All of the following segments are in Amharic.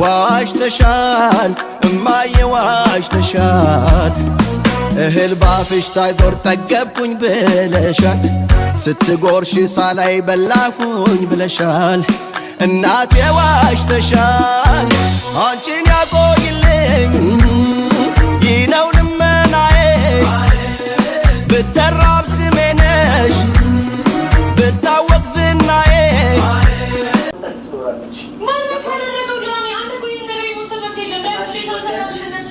ዋሽተሻል እማዬ ዋሽተሻል እህል ባፍሽ ሳይዞር ጠገብኩኝ ብለሻል ስትጎርሽ ሳላይ በላኩኝ ብለሻል እናቴ ዋሽተሻል አንቺን ያቆይልኝ ይነው ልመናዬ ብተራብ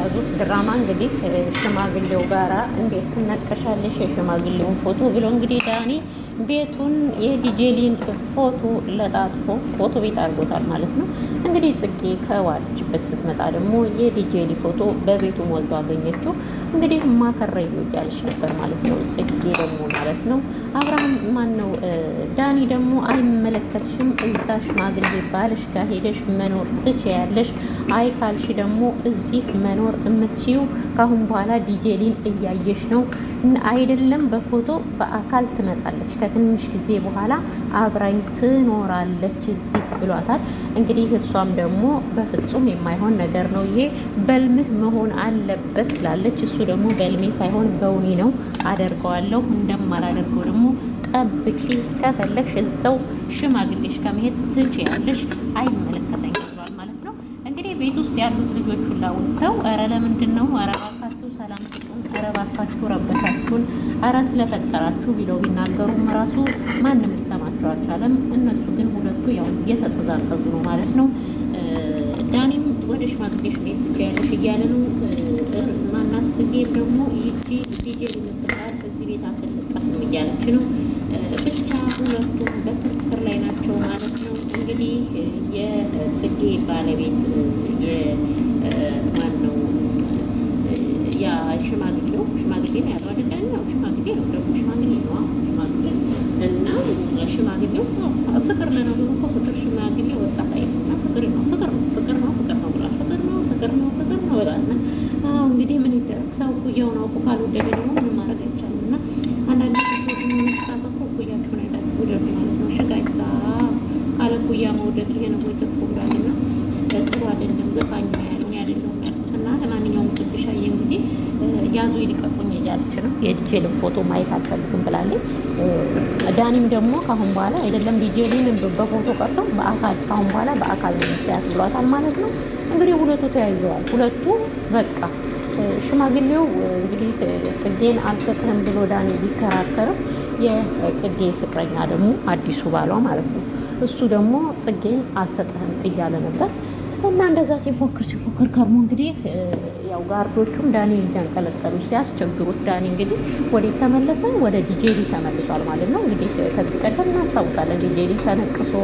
የያዙት ድራማ እንግዲህ ሽማግሌው ጋራ እንዴት ትነቀሻለሽ የሽማግሌውን ፎቶ ብሎ እንግዲህ ዳኒ ቤቱን የዲጄሊን ፎቶ ለጣጥፎ ፎቶ ቤት አድርጎታል ማለት ነው። እንግዲህ ጽጌ ከዋለችበት ስትመጣ ደግሞ የዲጄሊ ፎቶ በቤቱ ሞልቶ አገኘችው። እንግዲህ ማከረዩ እያለች ነበር ማለት ነው ጽጌ ደግሞ ማለት ነው አብራ ማን ነው ዳኒ ደግሞ አይመለከትሽም፣ እዛ ሽማግሌ ባልሽ ጋር ሄደሽ መኖር ትችያለሽ። አይ ካልሽ ደግሞ እዚህ መኖር የምትችይው ካሁን በኋላ ዲጄሊን እያየሽ ነው አይደለም፣ በፎቶ በአካል ትመጣለች፣ ከትንሽ ጊዜ በኋላ አብራኝ ትኖራለች እዚህ ብሏታል። እንግዲህ እሷም ደግሞ በፍጹም የማይሆን ነገር ነው ይሄ፣ በልምህ መሆን አለበት ትላለች። እሱ ደግሞ በልሜ ሳይሆን በውኔ ነው አደርገዋለሁ እንደማላደርገው ደግሞ ጠብቂ፣ ከፈለግሽ እዛው ሽማግሌሽ ከመሄድ ትችያለሽ፣ አይመለከተኝ ብሏል ማለት ነው። እንግዲህ ቤት ውስጥ ያሉት ልጆች ሁላ ወጥተው ኧረ ለምንድን ነው ኧረ እባካችሁ ሰላም ስጡን፣ ኧረ እባካችሁ ረበሻችሁን፣ ኧረ ስለፈጠራችሁ ቢለው ቢናገሩም ራሱ ማንም ሊሰማቸው አልቻለም። እነሱ ግን ሁለቱ ያው እየተጠዛጠዙ ነው ማለት ነው። ዳኒም ወደ ሽማግሌሽ ቤት ትችያለሽ እያለ ነው። ማናት ጽጌም ደግሞ ይቺ ዲጄ የምትባል እዚህ ቤት አትለጠፍም እያለች ነው። ብቻ ሁለቱም በክርክር ላይ ናቸው ማለት ነው። እንግዲህ የጽጌ ባለቤት የማን ነው? ያ ሽማግሌው ሽማግሌ ነው ያለው አይደለ? ያው ሽማግሌ ነው ደግሞ ሽማግሌ ነው ሽማግሌ እና ሽማግሌው ፍቅር ለነገሩ እኮ ፍቅር ሽማግሌ ወጣት አይሆና ፍቅር ነው ፍቅር ነው ፍቅር ነው ፍቅር ነው ብሏል። ፍቅር ነው ፍቅር ነው ፍቅር ነው ብሏል። እንግዲህ ምን ይደረግ ሰው እኮ እያውን አውቁ ካልወደደ ደግሞ ምንም ማድረግ አይቻልም። ወደ ፕሮግራም እና ጥሩ አይደለም፣ ዘፋኝ እኔ አይደለሁም ያልኩት እና ለማንኛውም ጽብሻዬ እንግዲህ ያዙ ይልቀቁኝ እያለች ነው። የዲጄልን ፎቶ ማየት አልፈልግም ብላለች። ዳኒም ደግሞ ካሁን በኋላ አይደለም ዲጄልን በፎቶ ቀርቶ በአካል ካሁን በኋላ በአካል ሚስያት ብሏታል ማለት ነው። እንግዲህ ሁለቱ ተያይዘዋል። ሁለቱ በቃ ሽማግሌው እንግዲህ ጽጌን አልሰጥህም ብሎ ዳኒ ቢከራከርም የጽጌ ፍቅረኛ ደግሞ አዲሱ ባሏ ማለት ነው እሱ ደግሞ ጽጌን አልሰጥህም እያለ ነበር እና እንደዛ ሲፎክር ሲፎክር ከርሞ እንግዲህ ያው ጋርዶቹም ዳኒ እያንቀለቀሉ ሲያስቸግሩት ዳኒ እንግዲህ ወዴት ተመለሰ? ወደ ዲጄሊ ተመልሷል ማለት ነው። እንግዲህ ከዚህ ቀደም እናስታውሳለን። ዲጄሊ ተነቅሶ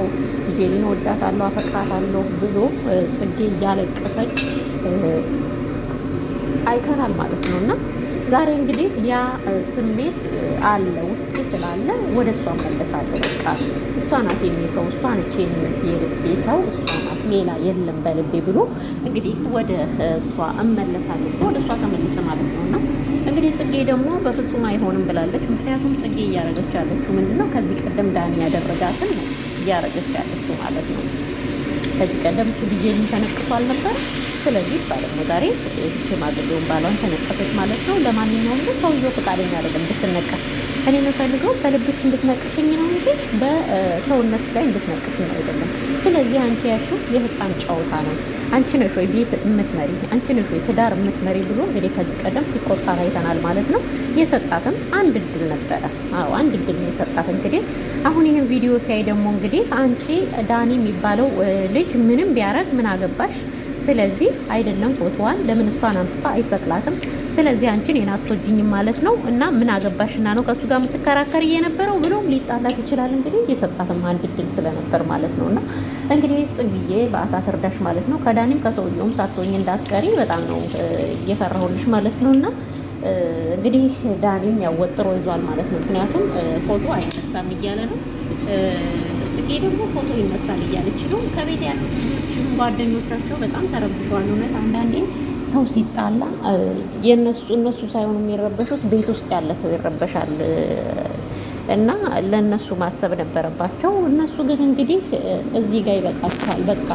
ዲጄሊን ወዳታለሁ፣ አፈቅራታለሁ ብሎ ጽጌ እያለቀሰች አይተናል ማለት ነው እና ዛሬ እንግዲህ ያ ስሜት አለ ውስጥ ስላለ ወደ እሷ መለሳለሁ። በቃ እሷ ናት የኔ ሰው፣ እሷ ነች የልቤ ሰው፣ እሷ ናት ሌላ የለም በልቤ ብሎ እንግዲህ ወደ እሷ እመለሳለሁ ወደ እሷ ተመለሰ ማለት ነው። እና እንግዲህ ጽጌ ደግሞ በፍጹም አይሆንም ብላለች። ምክንያቱም ጽጌ እያረገች ያለችው ምንድን ነው? ከዚህ ቀደም ዳኒ ያደረጋትን እያረገች ያለችው ማለት ነው። ከዚህ ቀደም ብዬ ተነቅሶ ነበር ስለዚህ ባለሞ ዛሬ ሽማግሌውን ባሏን ተነቀፈች ማለት ነው። ለማንኛውም ግን ሰውየው ፈቃደኛ አይደለም እንድትነቀፍ። እኔ የምፈልገው በልብሽ እንድትነቅፍኝ ነው እንጂ በሰውነት ላይ እንድትነቅሽኝ አይደለም። ስለዚህ አንቺ ያልሺው የህፃን ጨዋታ ነው። አንቺ ነሽ ወይ ቤት የምትመሪ፣ አንቺ ነሽ ወይ ትዳር የምትመሪ ብሎ እንግዲህ ከዚህ ቀደም ሲቆጣ ታይተናል ማለት ነው። የሰጣትም አንድ እድል ነበረ። አዎ አንድ እድል የሰጣት እንግዲህ አሁን ይህን ቪዲዮ ሲያይ ደግሞ እንግዲህ አንቺ ዳኒ የሚባለው ልጅ ምንም ቢያረግ ምን አገባሽ ስለዚህ አይደለም ፎቶዋን ለምን እሷን አንስታ አይፈቅላትም። ስለዚህ አንቺን የናቶጅኝም ማለት ነው እና ምን አገባሽና ነው ከእሱ ጋር የምትከራከር የነበረው ብሎ ሊጣላት ይችላል። እንግዲህ የሰጣትም አንድ ድል ስለነበር ማለት ነው እና እንግዲህ ጽጌዬ በአታት እርዳሽ ማለት ነው። ከዳኒም ከሰውየውም ሳትሆኝ እንዳትቀሪ በጣም ነው እየሰራሁልሽ ማለት ነው እና እንግዲህ ዳኒም ያወጥሮ ይዟል ማለት ነው። ምክንያቱም ፎቶ አይነሳም እያለ ነው ደግሞ ፎቶ ይነሳል እያለች ነው። ከቤት ያሉ ልጆችም ጓደኞቻቸው በጣም ተረብሸዋል። እውነት አንዳንዴ ሰው ሲጣላ እነሱ ሳይሆኑ የሚረበሹት ቤት ውስጥ ያለ ሰው ይረበሻል። እና ለእነሱ ማሰብ ነበረባቸው። እነሱ ግን እንግዲህ እዚህ ጋር ይበቃቸዋል። በቃ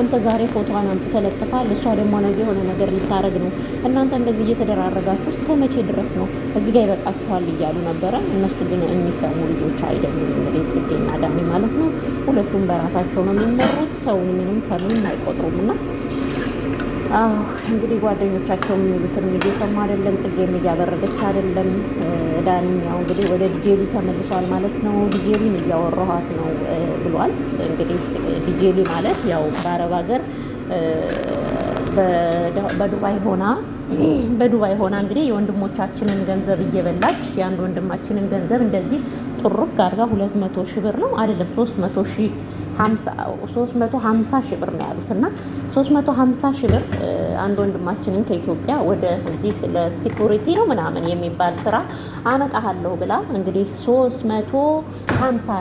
አንተ ዛሬ ፎቶዋን አንተ ተለጥፋል፣ እሷ ደግሞ ነገ የሆነ ነገር ልታረግ ነው። እናንተ እንደዚህ እየተደራረጋችሁ እስከ መቼ ድረስ ነው? እዚህ ጋር ይበቃቸዋል እያሉ ነበረ። እነሱ ግን የሚሰሙ ልጆች አይደሉም። እንግዲህ ጽጌና ዳኒ ማለት ነው። ሁለቱም በራሳቸው ነው የሚመሩት። ሰውን ምንም ከምንም አይቆጥሩም እና እንግዲህ ጓደኞቻቸው የሚሉትን እየሰሙ አይደለም፣ ጽጌም እያበረደች አይደለም። ዳኒም ያው እንግዲህ ወደ ዲጄሊ ተመልሷል ማለት ነው። ዲጄሊን እያወራኋት ነው ብሏል። እንግዲህ ዲጄሊ ማለት ያው በአረብ ሀገር በዱባይ ሆና በዱባይ ሆና እንግዲህ የወንድሞቻችንን ገንዘብ እየበላች የአንድ ወንድማችንን ገንዘብ እንደዚህ ጥሩግ አድርጋ 200 መቶ ሺህ ብር ነው አይደለም 300 መቶ ሺህ 350 ሺህ ብር ነው ያሉት እና 350 መቶ ሺህ ብር አንድ ወንድማችንን ከኢትዮጵያ ወደ እዚህ ለሲኩሪቲ ነው ምናምን የሚባል ስራ አመጣሃለሁ ብላ እንግዲህ 350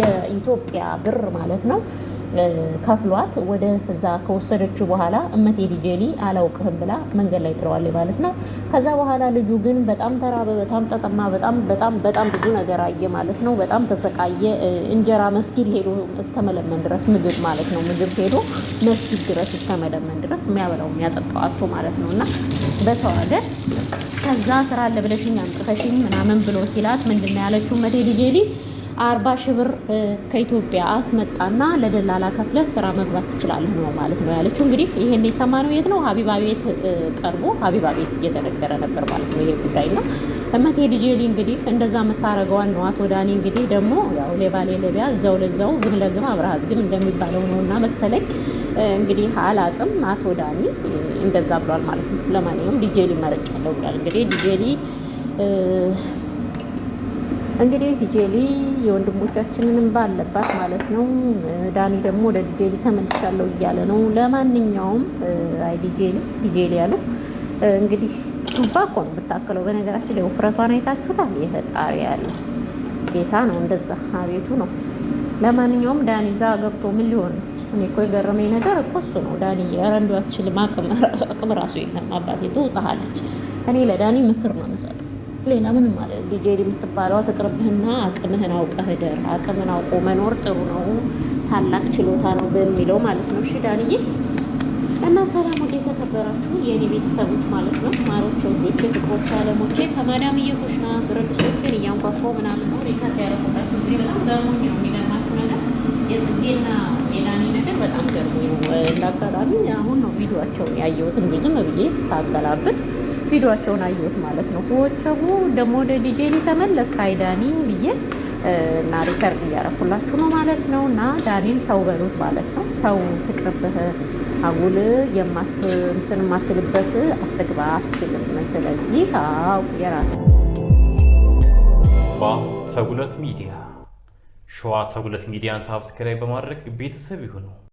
የኢትዮጵያ ብር ማለት ነው ከፍሏት ወደ እዛ ከወሰደችው በኋላ እመቴ ዲጄሊ አላውቅህም ብላ መንገድ ላይ ጥለዋል ማለት ነው። ከዛ በኋላ ልጁ ግን በጣም ተራበ፣ በጣም ጠጠማ በጣም በጣም በጣም ብዙ ነገር አየ ማለት ነው። በጣም ተሰቃየ። እንጀራ መስጊድ ሄዶ እስከመለመን ድረስ ምግብ ማለት ነው ምግብ ሄዶ መስጊድ ድረስ እስተመለመን ድረስ የሚያበላው የሚያጠጣው አቶ ማለት ነው እና በተዋደ ከዛ ስራ አለ ብለሽኝ አምጥተሽኝ ምናምን ብሎ ሲላት ምንድን ነው ያለችው መቴ ዲጄሊ አርባ ሺህ ብር ከኢትዮጵያ አስመጣና ለደላላ ከፍለ ስራ መግባት ትችላለህ ነው ማለት ነው ያለችው። እንግዲህ ይሄን የሰማነው የት ነው? ሀቢባ ቤት ቀርቦ ሀቢባ ቤት እየተነገረ ነበር ማለት ነው ይሄ ጉዳይ ነው። እመቴ ልጄ እንግዲህ እንደዛ የምታረገዋን ነው። አቶ ዳኒ እንግዲህ ደግሞ ያው ሌባሌ ለቢያ እዛው ለዛው ግም ለግም አብረሃዝ ግም እንደሚባለው ነው እና መሰለኝ እንግዲህ አላቅም። አቶ ዳኒ እንደዛ ብሏል ማለት ነው። ለማንኛውም ዲጄሊ መረጫለሁ ብሏል እንግዲህ ዲጄሊ እንግዲህ ሂጄሊ የወንድሞቻችንን እንባ አለባት ማለት ነው። ዳኒ ደግሞ ወደ ዲጄሊ ተመልሻለሁ እያለ ነው። ለማንኛውም አይ ዲጄሊ ዲጄሊ ያሉ እንግዲህ ዱባ እኮ ነው ብታከለው። በነገራችን ላይ ውፍረቷን አይታችሁታል። የፈጣሪ ያለ ጌታ ነው፣ እንደዛ አቤቱ ነው። ለማንኛውም ዳኒ ዛ ገብቶ ምን ሊሆን እኔ እኮ የገረመኝ ነገር እኮ እሱ ነው። ዳኒ ያረንዷ አትችልም፣ አቅም ራሱ የለም። አባቴ ትውጣሃለች። እኔ ለዳኒ ምክር ነው የምሰጠው ሌላ ምንም አለ ዲጄ የምትባለው ትቅርብህና አቅምህን አውቀህ ደር አቅምን አውቆ መኖር ጥሩ ነው፣ ታላቅ ችሎታ ነው በሚለው ማለት ነው። እሺ ዳንዬ እና ሰላም ወደ የተከበራችሁ የእኔ ቤተሰቦች ማለት ነው ማሮች፣ ወንዶች፣ የፍቅሮች አለሞቼ ከማዳም ና ብረድሶችን እያንኳፈው ምናምን ነው ሪካርድ ያደረጉባቸው እንግዲህ በጣም ገርሞኝ ነው። የሚገርማችሁ ነገር የጽጌና የዳኒ ነገር በጣም ገርሞኝ ነው። እንዳጋጣሚ አሁን ነው ቪዲዮቸውን ያየሁትን ብዙም ብዬ ሳገላብጥ ቪዲዮቸውን አየሁት ማለት ነው። ወቸጉ ደግሞ ወደ ዲጄ ተመለስ ዳኒ ብዬ እና ሪከርድ እያረኩላችሁ ነው ማለት ነው። እና ዳኒን ተው በሉት ማለት ነው። ተው ትቅርብህ፣ አጉል እንትን የማትልበት አትግባ፣ አትችልም። ስለዚህ አው የራስ ተጉለት ሚዲያ ሸዋ ተጉለት ሚዲያን ሳብስክራይብ በማድረግ ቤተሰብ ይሁነው።